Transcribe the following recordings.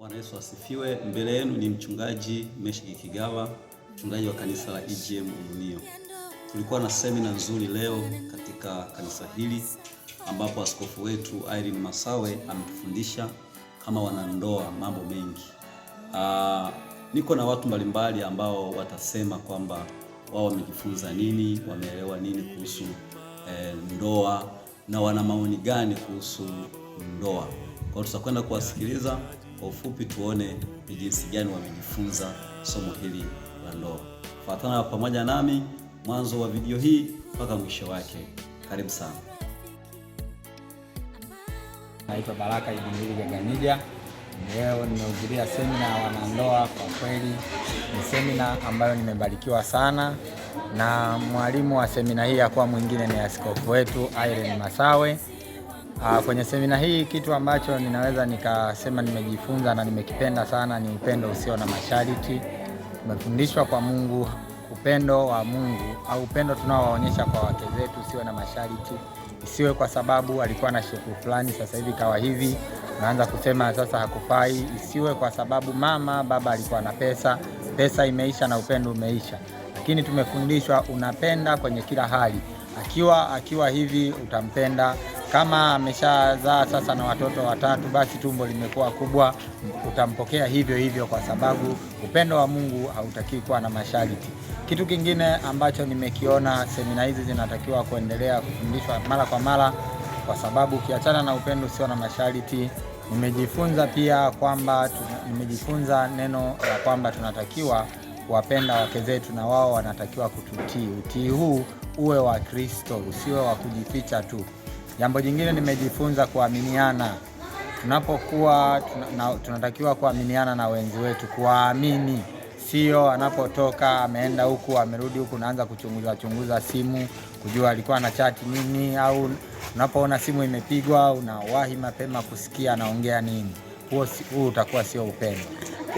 Bwana Yesu asifiwe. Mbele yenu ni mchungaji Meshki Kigawa, mchungaji wa kanisa la EGM Ununio. Tulikuwa na semina nzuri leo katika kanisa hili ambapo askofu wetu Irene Masawe ametufundisha kama wanandoa mambo mengi. Aa, ah, niko na watu mbalimbali ambao watasema kwamba wao wamejifunza nini, wameelewa nini kuhusu eh, ndoa na wana maoni gani kuhusu ndoa. Kwa hiyo tutakwenda kuwasikiliza kwa ufupi, tuone ni jinsi gani wamejifunza somo hili la ndoa. Fuatana pamoja nami mwanzo wa video hii mpaka mwisho wake. Karibu sana. Naitwa Baraka Ibnili Gaganija. Leo nimehudhuria semina ya wanandoa. Kwa kweli ni semina ambayo nimebarikiwa sana, na mwalimu wa semina hii yakuwa mwingine ni askofu wetu Irene Masawe. Uh, kwenye semina hii kitu ambacho ninaweza nikasema nimejifunza na nimekipenda sana ni upendo usio na masharti. Tumefundishwa kwa Mungu upendo wa Mungu au upendo tunaowaonyesha kwa wake zetu usio na masharti, isiwe kwa sababu alikuwa na shepu fulani, sasa hivi kawa hivi, unaanza kusema sasa hakufai. Isiwe kwa sababu mama baba alikuwa na pesa, pesa imeisha na upendo umeisha. Lakini tumefundishwa unapenda kwenye kila hali, akiwa akiwa hivi utampenda kama ameshazaa sasa na watoto watatu, basi tumbo limekuwa kubwa, utampokea hivyo hivyo, kwa sababu upendo wa Mungu hautakii kuwa na masharti. Kitu kingine ambacho nimekiona, semina hizi zinatakiwa kuendelea kufundishwa mara kwa mara, kwa sababu ukiachana na upendo usio na masharti, nimejifunza pia kwamba nimejifunza neno la kwamba tunatakiwa kuwapenda wake zetu na wao wanatakiwa kututii. Utii huu uwe wa Kristo, usiwe wa kujificha tu. Jambo jingine nimejifunza kuaminiana, tunapokuwa tuna, tunatakiwa kuaminiana na wenzi wetu, kuwaamini, sio anapotoka ameenda huku amerudi huku naanza kuchunguza chunguza simu kujua alikuwa na chati nini, au unapoona simu imepigwa unawahi mapema kusikia anaongea nini. Huo huo utakuwa sio upendo.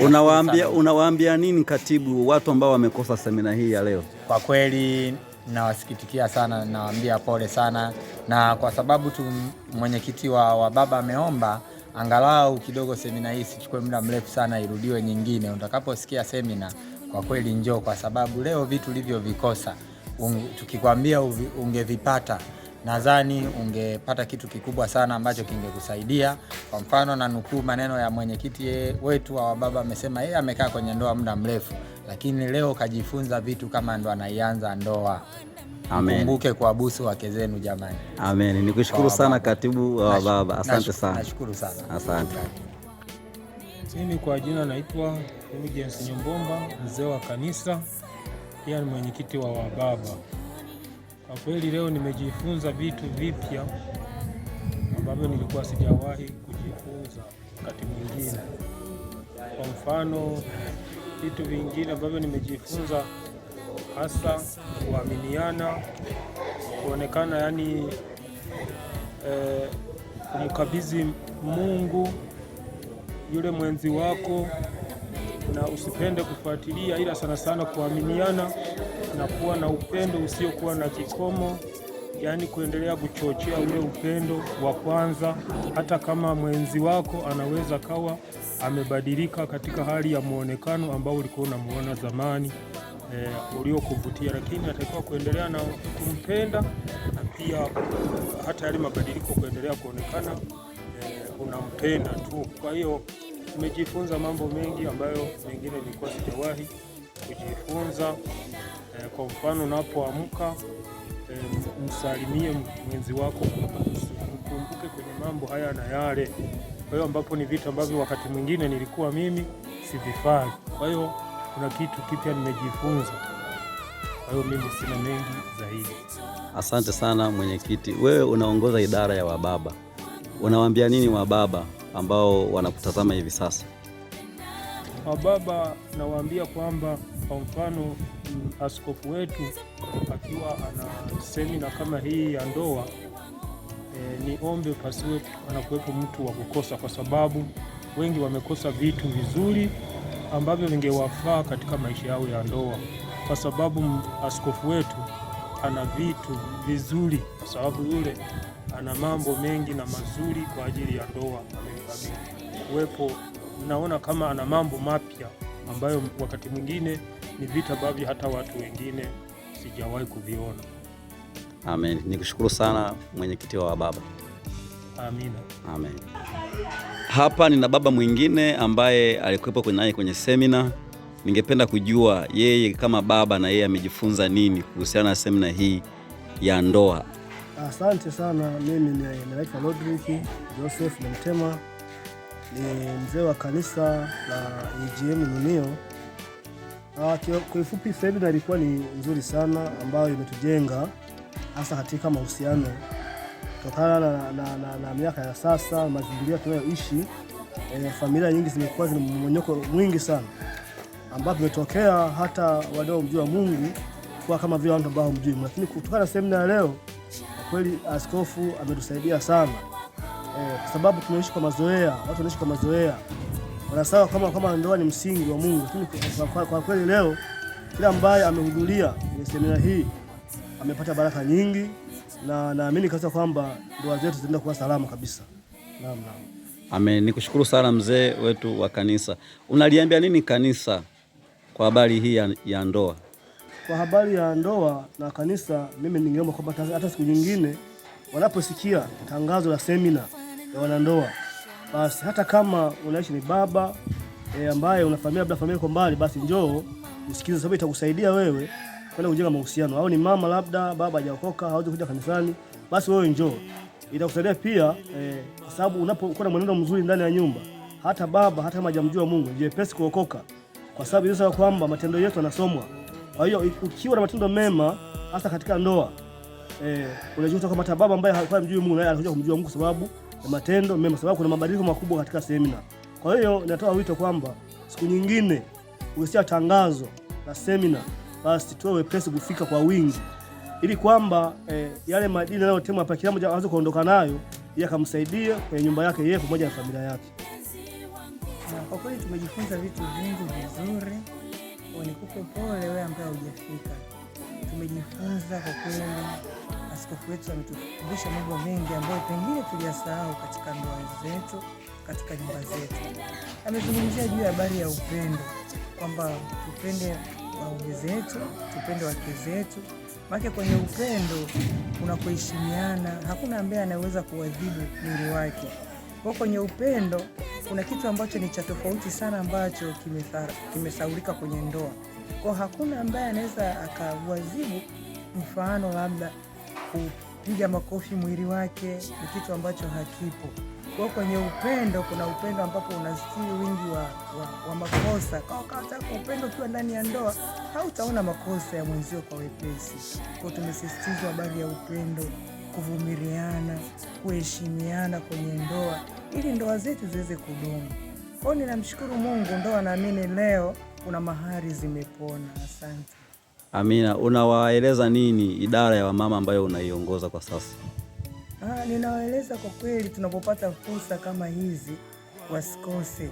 Unawaambia, unawaambia nini katibu, watu ambao wamekosa semina hii ya leo? Kwa kweli nawasikitikia sana, nawaambia pole sana na kwa sababu tu mwenyekiti wa, wa baba ameomba angalau kidogo semina hii sichukue muda mrefu sana, irudiwe nyingine. Utakaposikia semina, kwa kweli njoo, kwa sababu leo vitu ulivyovikosa tukikwambia ungevipata nadhani ungepata kitu kikubwa sana ambacho kingekusaidia. Kwa mfano, na nukuu maneno ya mwenyekiti wetu wa baba, amesema yeye amekaa kwenye ndoa muda mrefu lakini leo kajifunza vitu kama ndo anaianza ndoa. Mkumbuke busu wake zenu jamani. Amen. Nikushukuru sana katibu wa baba, asante sana. Nashukuru sana. Asante. Mimi kwa jina naitwa Eugene Nyombomba, mzee wa kanisa, pia ni mwenyekiti wa wababa. Kwa kweli leo nimejifunza vitu vipya ambavyo nilikuwa sijawahi kujifunza wakati mwingine, kwa mfano vitu vingine ambavyo nimejifunza hasa kuaminiana, kuonekana yani eh, kumkabidhi Mungu yule mwenzi wako, na usipende kufuatilia, ila sana sana kuaminiana na kuwa na upendo usiokuwa na kikomo, yani kuendelea kuchochea ule upendo wa kwanza, hata kama mwenzi wako anaweza kawa amebadilika katika hali ya muonekano ambao ulikuwa unamuona zamani e, uliokuvutia, lakini atakiwa kuendelea na kumpenda na pia hata yale mabadiliko kuendelea kuonekana e, unampenda tu. Kwa hiyo tumejifunza mambo mengi ambayo mengine nilikuwa sijawahi kujifunza. E, kwa mfano unapoamka e, msalimie mwenzi wako, mkumbuke kwenye mambo haya na yale. Kwa hiyo ambapo ni vitu ambavyo wakati mwingine nilikuwa mimi sivifahamu. Kwa hiyo kuna kitu kipya nimejifunza. Kwa hiyo mimi sina mengi zaidi. Asante sana mwenyekiti. Wewe unaongoza idara ya wababa, unawaambia nini wababa ambao wanakutazama hivi sasa? Wababa nawaambia kwamba kwa mfano mm, askofu wetu akiwa ana semina kama hii ya ndoa e, eh, ni ombi pasiwe anakuwepo mtu wa kukosa, kwa sababu wengi wamekosa vitu vizuri ambavyo vingewafaa katika maisha yao ya ndoa, kwa sababu askofu wetu ana vitu vizuri, kwa sababu yule ana mambo mengi na mazuri kwa ajili ya ndoa kuwepo. Naona kama ana mambo mapya ambayo wakati mwingine ni vitu ambavyo hata watu wengine sijawahi kuviona. Amen. Nikushukuru sana mwenyekiti wa baba. Amina. Amen. Hapa nina baba mwingine ambaye alikuwepo naye kwenye semina. Ningependa kujua yeye kama baba na yeye amejifunza nini kuhusiana na semina hii ya ndoa. Asante sana. Mimi ni Malaika Rodrick Joseph Mtema, ni mzee wa kanisa la EGM Munio. Ah, kwa kifupi, semina ilikuwa ni nzuri sana ambayo imetujenga hasa katika mahusiano kutokana na, na, na, na miaka ya sasa, mazingira tunayoishi. E, familia nyingi zimekuwa zina mmonyoko mwingi sana, ambapo imetokea hata wadau wa Mungu kuwa kama vile watu ambao mjui, lakini kutokana na semina ya leo kwa kweli askofu ametusaidia sana e, kwa sababu tumeishi kwa mazoea, watu wanaishi kwa mazoea, wanasawa kama kama ndoa ni msingi wa Mungu, lakini kwa kweli leo kila ambaye amehudhuria eh, semina hii amepata baraka nyingi, na naamini kabisa kwamba ndoa zetu zitaenda kuwa salama kabisa. Naam, naam. Amen. Nikushukuru sana mzee wetu wa kanisa. Unaliambia nini kanisa kwa habari hii ya, ya ndoa? Kwa habari ya ndoa na kanisa, mimi ningeomba kwamba hata siku nyingine wanaposikia tangazo la semina ya wanandoa, basi hata kama unaishi ni baba e, ambaye unafamilia labda familia kwa mbali, basi njoo usikize, sababu itakusaidia wewe kwenda kujenga mahusiano, au ni mama labda baba hajaokoka hawezi kuja kanisani, basi wewe njoo, itakusaidia pia eh, kwa sababu unapokuwa na mwenendo mzuri ndani ya nyumba, hata baba hata kama hajamjua Mungu ni jepesi kuokoka, kwa sababu inasema kwamba matendo yetu yanasomwa. Kwa hiyo ukiwa na matendo mema hasa katika ndoa eh, unajuta kwamba hata baba ambaye hakuwa mjui Mungu naye anakuja kumjua Mungu sababu ya matendo mema, sababu kuna mabadiliko makubwa katika semina. Kwa hiyo natoa wito kwamba siku nyingine ukisikia tangazo la semina basi tuwe wepesi kufika kwa wingi, ili kwamba eh, yale madini yanayotemwa hapa kila mmoja aweze kuondoka nayo ili akamsaidia kwenye nyumba yake yeye pamoja na familia yake. Kwa kweli tumejifunza vitu vingi vizuri. Nikupe pole wewe ambaye hujafika. Tumejifunza kwa kweli, askofu wetu ametufundisha mambo mengi ambayo pengine tuliyasahau katika ndoa zetu, katika nyumba zetu. Amezungumzia juu ya habari ya upendo kwamba tupende waume zetu, tupende wake zetu, maana kwenye upendo kuna kuheshimiana. Hakuna ambaye anaweza kuadhibu mwili wake. Kwa kwenye upendo kuna kitu ambacho ni cha tofauti sana ambacho kimesaurika kwenye ndoa. Kwa hakuna ambaye anaweza akawazibu, mfano labda kupiga makofi mwili wake, ni kitu ambacho hakipo kwa kwenye upendo kuna upendo ambapo unastiri wingi wa, wa, wa makosa. Kwa upendo ukiwa ndani ya ndoa hautaona makosa ya mwenzio kwa wepesi. Kwa tumesistizwa habari ya upendo, kuvumiliana, kuheshimiana kwenye ndoa ili ndoa zetu ziweze kudumu. kwao ninamshukuru Mungu, ndoa naamini leo kuna mahari zimepona. Asante. Amina, unawaeleza nini idara ya wamama ambayo unaiongoza kwa sasa? Ah, ninawaeleza kwa kweli, tunapopata fursa kama hizi wasikose,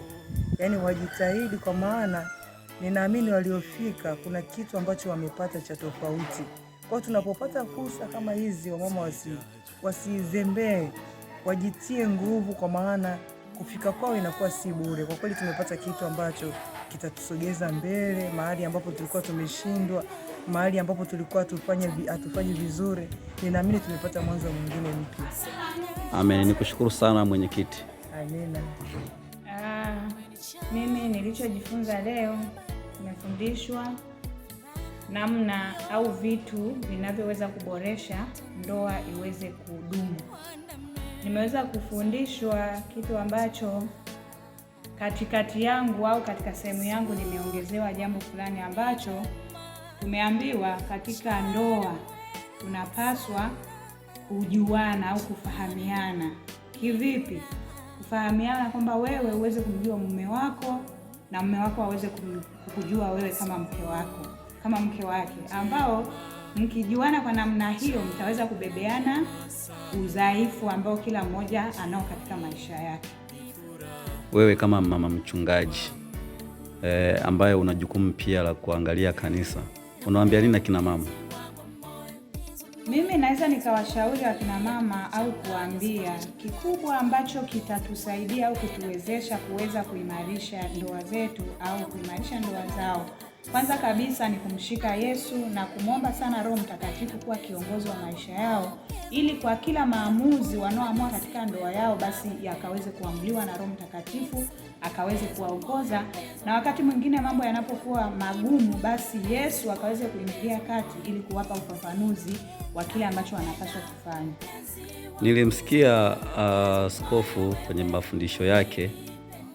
yaani wajitahidi, kwa maana ninaamini waliofika kuna kitu ambacho wamepata cha tofauti. Kwa hiyo tunapopata fursa kama hizi, wamama wasi wasizembee, wajitie nguvu, kwa maana kufika kwao inakuwa si bure. Kwa kweli tumepata kitu ambacho kitatusogeza mbele mahali ambapo tulikuwa tumeshindwa mahali ambapo tulikuwa hatufanyi vizuri, ninaamini tumepata mwanzo mwingine mpya. Amen. Nikushukuru sana mwenyekiti. Amina. Ah, mimi nilichojifunza leo, nimefundishwa namna au vitu vinavyoweza kuboresha ndoa iweze kudumu. Nimeweza kufundishwa kitu ambacho katikati yangu au katika sehemu yangu nimeongezewa jambo fulani ambacho Tumeambiwa katika ndoa tunapaswa kujuana au kufahamiana. Kivipi? Kufahamiana kwamba wewe uweze kumjua mume wako na mume wako aweze kukujua wewe kama mke wako, kama mke wake, ambao mkijuana kwa namna hiyo mtaweza kubebeana udhaifu ambao kila mmoja anao katika maisha yake. Wewe kama mama mchungaji eh, ambaye una jukumu pia la kuangalia kanisa Unawaambia nini akina mama? Mimi naweza nikawashauri akina mama au kuambia kikubwa ambacho kitatusaidia au kutuwezesha kuweza kuimarisha ndoa zetu au kuimarisha ndoa zao, kwanza kabisa ni kumshika Yesu na kumwomba sana Roho Mtakatifu kuwa kiongozi wa maisha yao, ili kwa kila maamuzi wanaoamua katika ndoa yao, basi yakaweze kuamuliwa na Roho Mtakatifu akaweze kuwaongoza, na wakati mwingine mambo yanapokuwa magumu, basi Yesu akaweze kuingilia kati ili kuwapa ufafanuzi wa kile ambacho wanapaswa kufanya. Nilimsikia askofu uh, kwenye mafundisho yake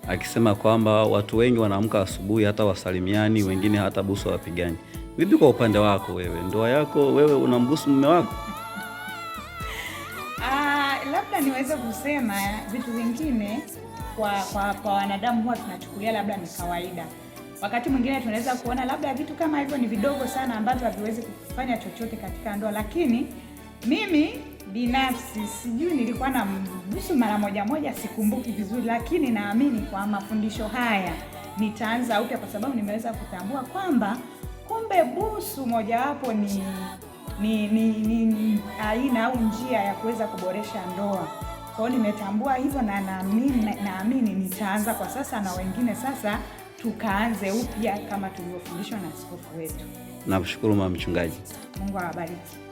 akisema kwamba watu wengi wanaamka asubuhi hata wasalimiani, wengine hata busu wapigani. Vipi kwa upande wako wewe, ndoa yako wewe unambusu mume wako? Uh, labda niweze kusema vitu vingine kwa kwa kwa wanadamu huwa tunachukulia labda ni kawaida. Wakati mwingine tunaweza kuona labda vitu kama hivyo ni vidogo sana ambavyo haviwezi kufanya chochote katika ndoa, lakini mimi binafsi sijui nilikuwa na mbusu mara moja moja, sikumbuki vizuri, lakini naamini kwa mafundisho haya nitaanza upya, kwa sababu nimeweza kutambua kwamba kumbe busu mojawapo ni ni, ni, ni, ni aina au njia ya kuweza kuboresha ndoa. Kwa hiyo nimetambua hivyo na naamini naamini nitaanza kwa sasa na wengine sasa tukaanze upya kama tulivyofundishwa na askofu wetu. Namshukuru mama mchungaji. Mungu awabariki.